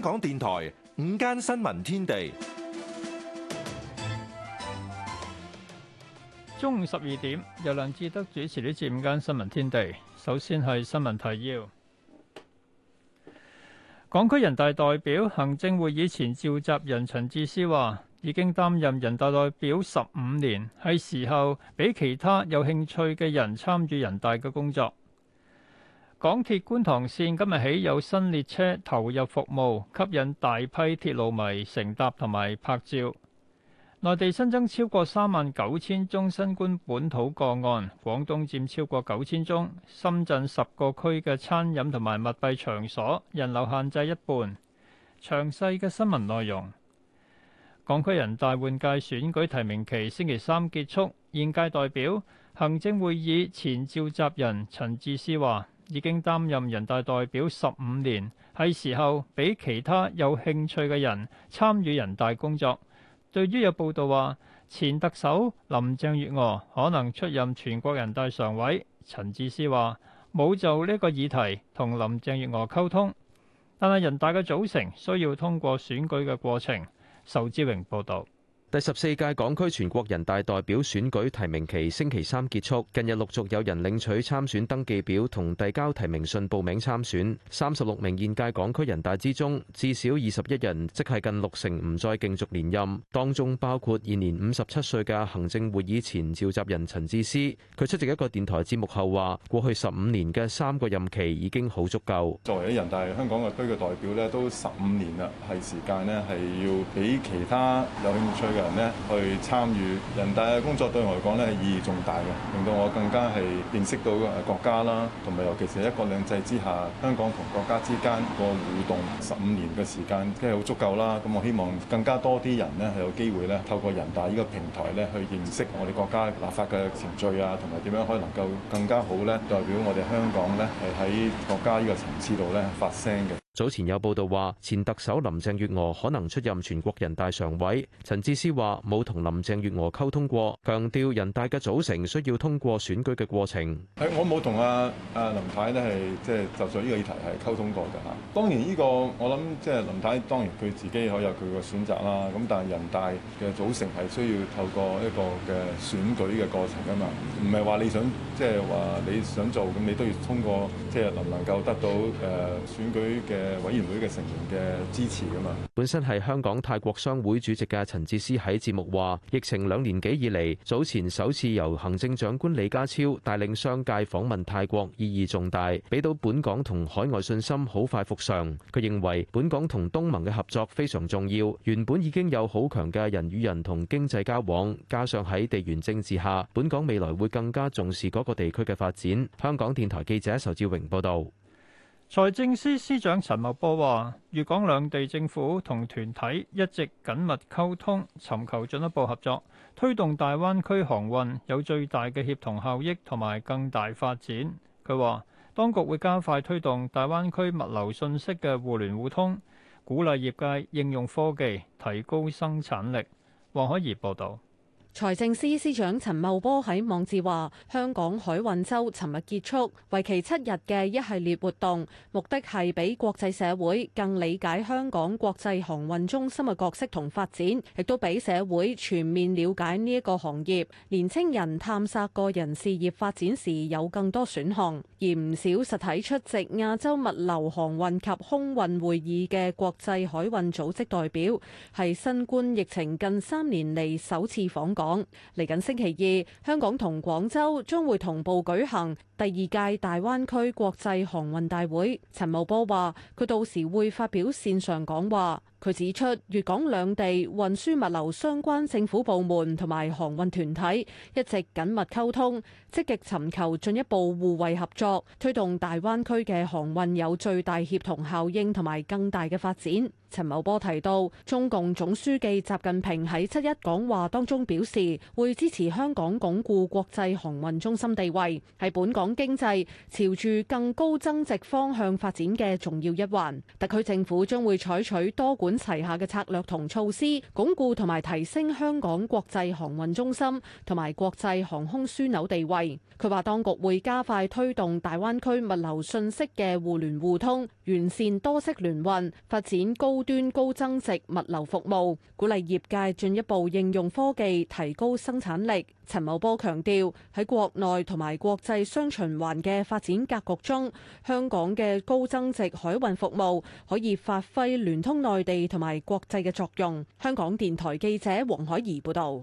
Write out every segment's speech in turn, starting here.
香港電台午間新聞天地，中午十二點，由梁志德主持呢節午間新聞天地。首先係新聞提要。港區人大代表行政會議前召集人陳智思話，已經擔任人大代表十五年，係時候俾其他有興趣嘅人參與人大嘅工作。港鐵觀塘線今日起有新列車投入服務，吸引大批鐵路迷乘搭同埋拍照。內地新增超過三萬九千宗新冠本土個案，廣東佔超過九千宗。深圳十個區嘅餐飲同埋密閉場所人流限制一半。詳細嘅新聞內容，港區人大換屆選舉提名期星期三結束，現屆代表行政會議前召集人陳智思話，已經擔任人大代表十五年，係時候俾其他有興趣嘅人參與人大工作。對於有報道話前特首林鄭月娥可能出任全國人大常委，陳智思話冇就呢個議題同林鄭月娥溝通，但係人大嘅組成需要通過選舉嘅過程。仇志榮報導。第十四屆港區全國人大代表選舉提名期星期三結束，近日陸續有人領取參選登記表同遞交提名信報名參選。三十六名現屆港區人大之中，至少二十一人，即係近六成唔再競逐連任，當中包括現年五十七歲嘅行政會議前召集人陳智思。佢出席一個電台節目後話，過去十五年嘅三個任期已經好足夠。作為喺人大香港特區嘅代表呢都十五年啦，係時間呢係要比其他有興趣人呢去參與人大嘅工作對，對我嚟講呢意義重大嘅，令到我更加係認識到誒國家啦，同埋尤其是一國兩制之下，香港同國家之間個互動十五年嘅時間，即係好足夠啦。咁我希望更加多啲人呢係有機會呢透過人大呢個平台呢去認識我哋國家立法嘅程序啊，同埋點樣可以能夠更加好呢代表我哋香港呢係喺國家呢個層次度呢發聲嘅。早前有報道話，前特首林鄭月娥可能出任全國人大常委。陳智思話：冇同林鄭月娥溝通過，強調人大嘅組成需要通過選舉嘅過程。誒，我冇同阿阿林太咧係即係就上呢個議題係溝通過噶吓。當然呢個我諗即係林太，當然佢自己可以有佢個選擇啦。咁但係人大嘅組成係需要透過一個嘅選舉嘅過程啊嘛，唔係話你想即係話你想做咁，你都要通過即係能唔能夠得到誒選舉嘅。嘅委員會嘅成員嘅支持啊嘛。本身係香港泰國商會主席嘅陳智思喺節目話，疫情兩年幾以嚟，早前首次由行政長官李家超帶領商界訪問泰國，意義重大，俾到本港同海外信心好快復常。佢認為本港同東盟嘅合作非常重要，原本已經有好強嘅人與人同經濟交往，加上喺地緣政治下，本港未來會更加重視嗰個地區嘅發展。香港電台記者仇志榮報道。財政司司長陳茂波話：粵港兩地政府同團體一直緊密溝通，尋求進一步合作，推動大灣區航運有最大嘅協同效益同埋更大發展。佢話：當局會加快推動大灣區物流信息嘅互聯互通，鼓勵業界應用科技，提高生產力。黃海怡報道。財政司司長陳茂波喺網誌話：香港海運周尋日結束，為期七日嘅一系列活動，目的係俾國際社會更理解香港國際航運中心嘅角色同發展，亦都俾社會全面了解呢一個行業。年青人探索個人事業發展時有更多選項。而唔少實體出席亞洲物流航運及空運會議嘅國際海運組織代表，係新冠疫情近三年嚟首次訪港。嚟緊星期二，香港同廣州將會同步舉行第二屆大灣區國際航運大會。陳茂波話，佢到時會發表線上講話。佢指出，粵港兩地運輸物流相關政府部門同埋航運團體一直緊密溝通，積極尋求進一步互惠合作，推動大灣區嘅航運有最大協同效應同埋更大嘅發展。陳茂波提到，中共總書記習近平喺七一講話當中表示，會支持香港鞏固國際航運中心地位，係本港經濟朝住更高增值方向發展嘅重要一環。特區政府將會採取多管齊下嘅策略同措施，鞏固同埋提升香港國際航運中心同埋國際航空樞紐地位。佢話當局會加快推動大灣區物流信息嘅互聯互通，完善多式聯運，發展高。高端高增值物流服務，鼓勵業界進一步應用科技提高生產力。陳茂波強調喺國內同埋國際雙循環嘅發展格局中，香港嘅高增值海運服務可以發揮聯通內地同埋國際嘅作用。香港電台記者黃海怡報道：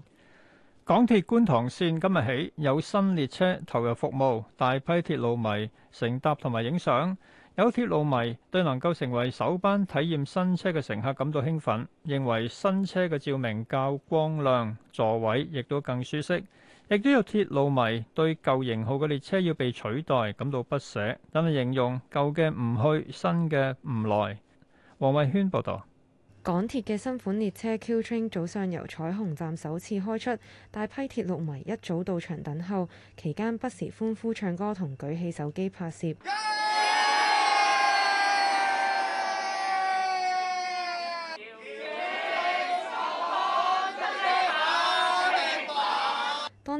港鐵觀塘綫今日起有新列車投入服務，大批鐵路迷乘搭同埋影相。有鐵路迷對能夠成為首班體驗新車嘅乘客感到興奮，認為新車嘅照明較光亮，座位亦都更舒適。亦都有鐵路迷對舊型號嘅列車要被取代感到不捨，等係形容舊嘅唔去，新嘅唔來。黃慧軒報導，港鐵嘅新款列車 QTrain 早上由彩虹站首次開出，大批鐵路迷一早到場等候，期間不時歡呼、唱歌同舉起手機拍攝。Yeah!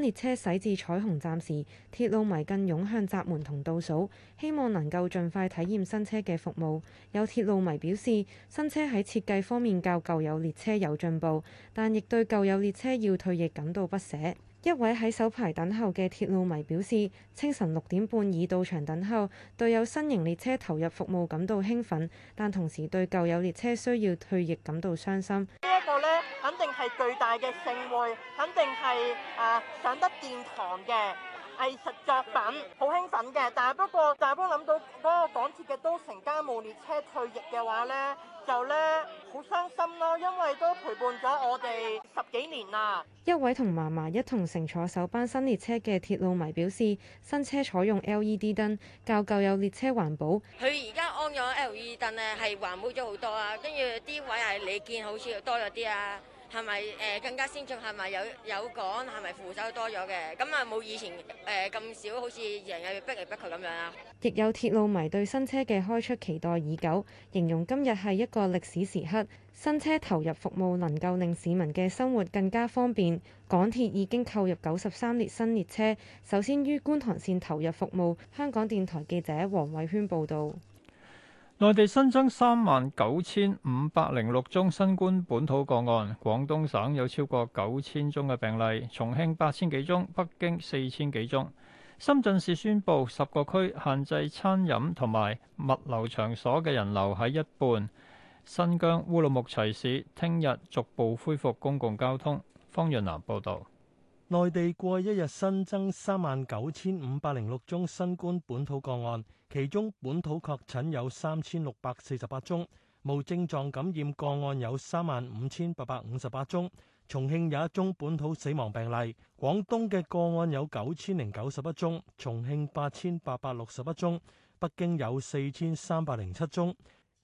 列車駛至彩虹站時，鐵路迷更湧向閘門同倒數，希望能夠盡快體驗新車嘅服務。有鐵路迷表示，新車喺設計方面較舊有列車有進步，但亦對舊有列車要退役感到不捨。一位喺首排等候嘅鐵路迷表示，清晨六點半已到場等候，對有新型列車投入服務感到興奮，但同時對舊有列車需要退役感到傷心。 肯定係巨大嘅盛會，肯定係、呃、上得殿堂嘅。藝術作品好興奮嘅，但係不過，大家都諗到嗰個港鐵嘅都城嘉慕列車退役嘅話咧，就咧好傷心咯，因為都陪伴咗我哋十幾年啦。一位同媽媽一同乘坐首班新列車嘅鐵路迷表示，新車採用 LED 燈，較舊有列車環保。佢而家安咗 LED 燈咧，係環保咗好多啊，跟住啲位係你見，好似又多咗啲啊。係咪誒更加先進？係咪有有趕？係咪扶手多咗嘅？咁啊冇以前誒咁少，好似人又逼嚟逼佢咁樣啊！亦有鐵路迷對新車嘅開出期待已久，形容今日係一個歷史時刻，新車投入服務能夠令市民嘅生活更加方便。港鐵已經購入九十三列新列車，首先於觀塘線投入服務。香港電台記者黃偉軒報導。內地新增三萬九千五百零六宗新冠本土個案，廣東省有超過九千宗嘅病例，重慶八千幾宗，北京四千幾宗。深圳市宣布十個區限制餐飲同埋物流場所嘅人流喺一半。新疆烏魯木齊市聽日逐步恢復公共交通。方潤南報道。內地過一日新增三萬九千五百零六宗新冠本土個案，其中本土確診有三千六百四十八宗，無症狀感染個案有三萬五千八百五十八宗。重慶有一宗本土死亡病例，廣東嘅個案有九千零九十一宗，重慶八千八百六十一宗，北京有四千三百零七宗。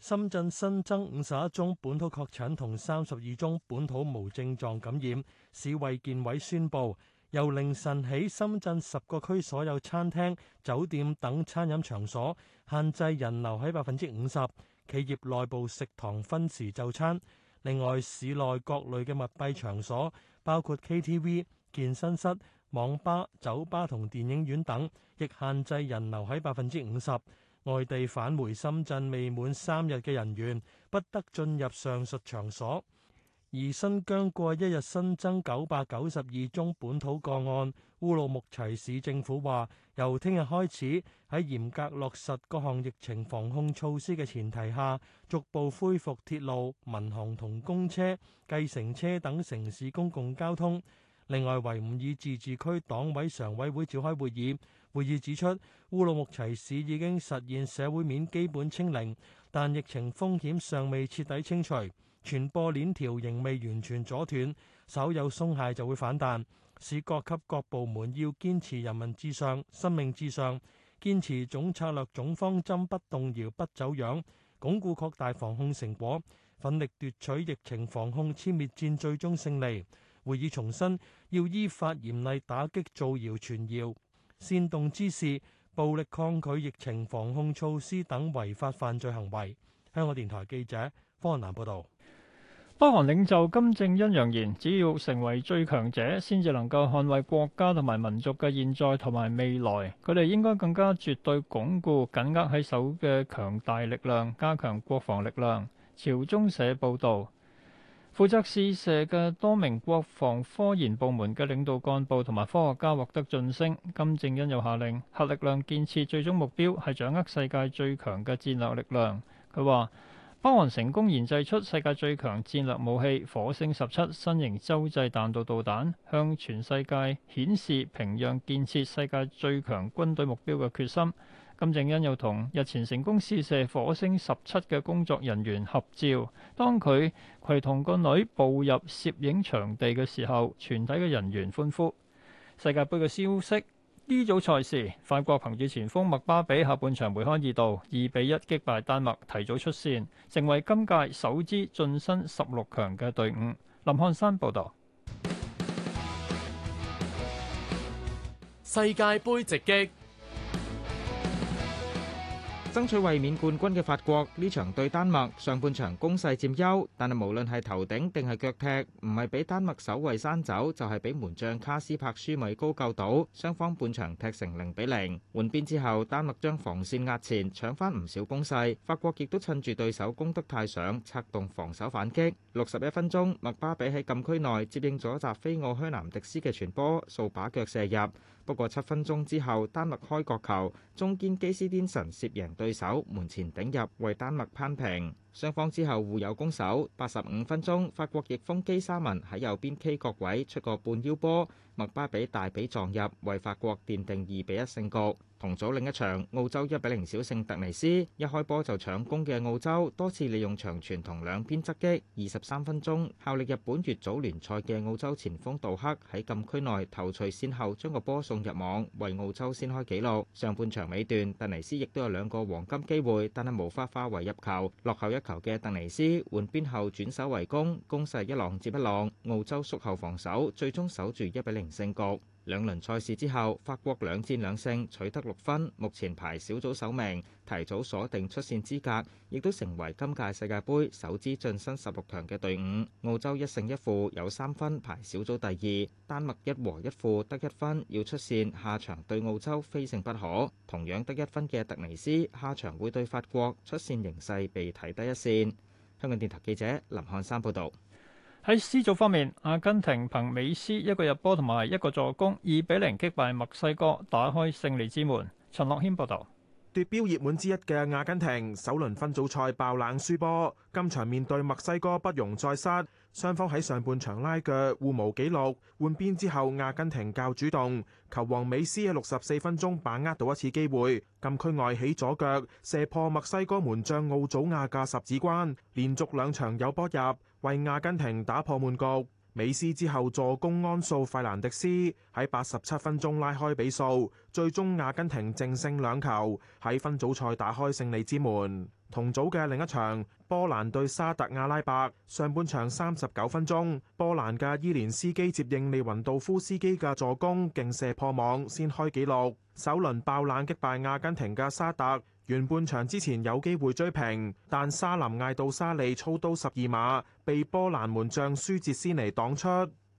深圳新增五十一宗本土確診同三十二宗本土無症狀感染，市衛健委宣布由凌晨起，深圳十個區所有餐廳酒店等餐飲場所限制人流喺百分之五十，企業內部食堂分時就餐。另外，市內各類嘅密閉場所，包括 KTV、健身室、網吧、酒吧同電影院等，亦限制人流喺百分之五十。外地返回深圳未滿三日嘅人員不得進入上述場所。而新疆過一日新增九百九十二宗本土個案，烏魯木齊市政府話，由聽日開始喺嚴格落實各項疫情防控措施嘅前提下，逐步恢復鐵路、民航同公車、計程車等城市公共交通。另外，維吾爾自治區黨委常委會召開會議。會議指出，烏魯木齊市已經實現社會面基本清零，但疫情風險尚未徹底清除，傳播鏈條仍未完全阻斷，稍有鬆懈就會反彈。市各級各部門要堅持人民至上、生命至上，堅持總策略、總方針不動搖、不走樣，鞏固擴大防控成果，奮力奪取疫情防控殲滅戰最終勝利。會議重申，要依法嚴厲打擊造謠傳謠。煽動之事，暴力抗拒疫情防控措施等違法犯罪行為。香港電台記者方南報道。北韓領袖金正恩揚言，只要成為最強者，先至能夠捍衛國家同埋民族嘅現在同埋未來。佢哋應該更加絕對鞏固緊握喺手嘅強大力量，加強國防力量。朝中社報道。負責試射嘅多名國防科研部門嘅領導幹部同埋科學家獲得晉升。金正恩又下令核力量建設最終目標係掌握世界最強嘅戰略力量。佢話，北韓成功研製出世界最強戰略武器——火星十七新型洲際彈道導彈，向全世界顯示平壤建設世界最強軍隊目標嘅決心。金正恩又同日前成功試射火星十七嘅工作人員合照。當佢攜同個女步入攝影場地嘅時候，全體嘅人員歡呼。世界盃嘅消息：呢組賽事，法國憑住前鋒麥巴比下半場梅開二度，二比一擊敗丹麥，提早出線，成為今屆首支晉身十六強嘅隊伍。林漢山報導。世界盃直擊。爭取衛冕冠軍嘅法國呢場對丹麥，上半場攻勢佔優，但係無論係頭頂定係腳踢，唔係俾丹麥守衞山走，就係俾門將卡斯帕舒米高救到。雙方半場踢成零比零。換邊之後，丹麥將防線壓前，搶翻唔少攻勢。法國亦都趁住對手攻得太上，策動防守反擊。六十一分鐘，麥巴比喺禁區內接應咗扎菲奧靴南迪斯嘅傳波，掃把腳射入。不過七分鐘之後，丹麥開角球，中堅基斯甸臣攝贏，對手門前頂入，為丹麥扳平。雙方之後互有攻守，八十五分鐘，法國翼鋒基沙文喺右邊 K 角位出個半腰波，麥巴比大髀撞入，為法國奠定二比一勝局。同組另一場，澳洲一比零小勝突尼斯，一開波就搶攻嘅澳洲多次利用長傳同兩邊側擊。二十三分鐘，效力日本乙組聯賽嘅澳洲前鋒杜克喺禁區內頭槌先後，將個波送入網，為澳洲先開紀錄。上半場尾段，突尼斯亦都有兩個黃金機會，但係無法化為入球，落後一球嘅鄧尼斯換邊後轉守為攻，攻勢一浪接一浪，澳洲縮後防守，最終守住一比零勝局。兩輪賽事之後，法國兩戰兩勝取得六分，目前排小組首名，提早鎖定出線資格，亦都成為今屆世界盃首支晉身十六強嘅隊伍。澳洲一勝一負有三分排小組第二；丹麥一和一負得一分，要出線下場對澳洲非勝不可。同樣得一分嘅突尼斯，下場會對法國，出線形勢被睇低一線。香港電台記者林漢山報道。喺 C 組方面，阿根廷憑美斯一個入波同埋一個助攻，二比零擊敗墨西哥，打開勝利之門。陳樂謙報道，奪標熱門之一嘅阿根廷首輪分組賽爆冷輸波，今場面對墨西哥不容再失。雙方喺上半場拉鋸互無紀錄，換邊之後阿根廷較主動，球王美斯喺六十四分鐘把握到一次機會，禁區外起左腳，射破墨西哥門將奧祖亞嘅十指關，連續兩場有波入。為阿根廷打破悶局，美斯之後助攻安素費蘭迪斯喺八十七分鐘拉開比數，最終阿根廷淨勝兩球，喺分組賽打開勝利之門。同組嘅另一場，波蘭對沙特阿拉伯，上半場三十九分鐘，波蘭嘅伊連斯基接應利雲道夫斯基嘅助攻，勁射破網，先開紀錄，首輪爆冷擊敗阿根廷嘅沙特。完半場之前有機會追平，但沙林艾杜沙利操刀十二碼被波蘭門將舒捷斯尼擋出。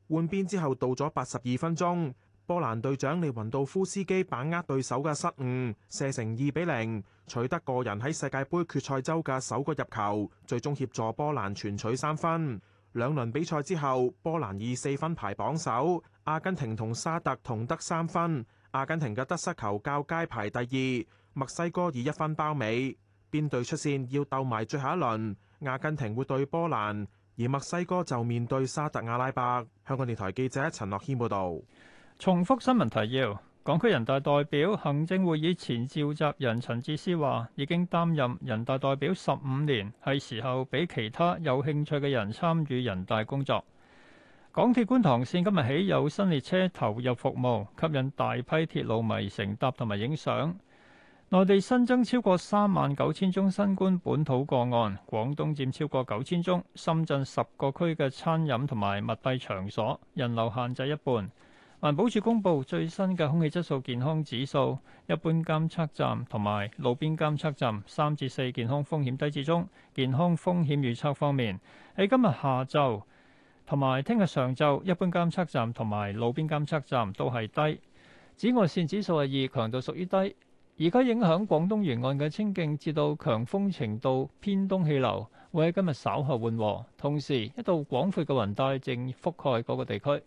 換邊之後到咗八十二分鐘，波蘭隊長利雲道夫斯基把握對手嘅失誤，射成二比零，取得個人喺世界盃決賽周嘅首個入球，最終協助波蘭全取三分。兩輪比賽之後，波蘭以四分排榜首，阿根廷同沙特同得三分，阿根廷嘅得失球較佳排第二。墨西哥以一分包尾，邊隊出線要鬥埋最後一輪。阿根廷會對波蘭，而墨西哥就面對沙特阿拉伯。香港電台記者陳樂謙報道。重複新聞提要：港區人大代表行政會議前召集人陳智思話，已經擔任人大代表十五年，係時候俾其他有興趣嘅人參與人大工作。港鐵觀塘綫今日起有新列車投入服務，吸引大批鐵路迷乘搭同埋影相。內地新增超過三萬九千宗新冠本土個案，廣東佔超過九千宗。深圳十個區嘅餐飲同埋密閉場所人流限制一半。環保署公布最新嘅空氣質素健康指數，一般監測站同埋路邊監測站三至四健康風險低至中。健康風險預測方面，喺今日下晝同埋聽日上晝，一般監測站同埋路邊監測站都係低。紫外線指數係二，強度屬於低。而家影響廣東沿岸嘅清勁至到強風程度偏東氣流會喺今日稍後緩和，同時一道廣闊嘅雲帶正覆蓋嗰個地區。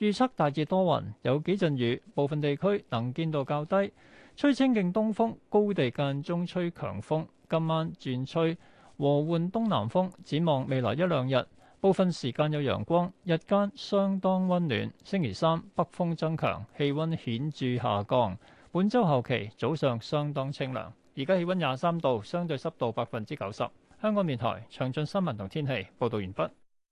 預測大致多雲，有幾陣雨，部分地區能見度較低，吹清勁東風，高地間中吹強風。今晚轉吹和緩東南風。展望未來一兩日，部分時間有陽光，日間相當温暖。星期三北風增強，氣温顯著下降。本周後期早上相當清涼，而家氣温廿三度，相對濕度百分之九十。香港電台詳盡新聞同天氣報導完畢。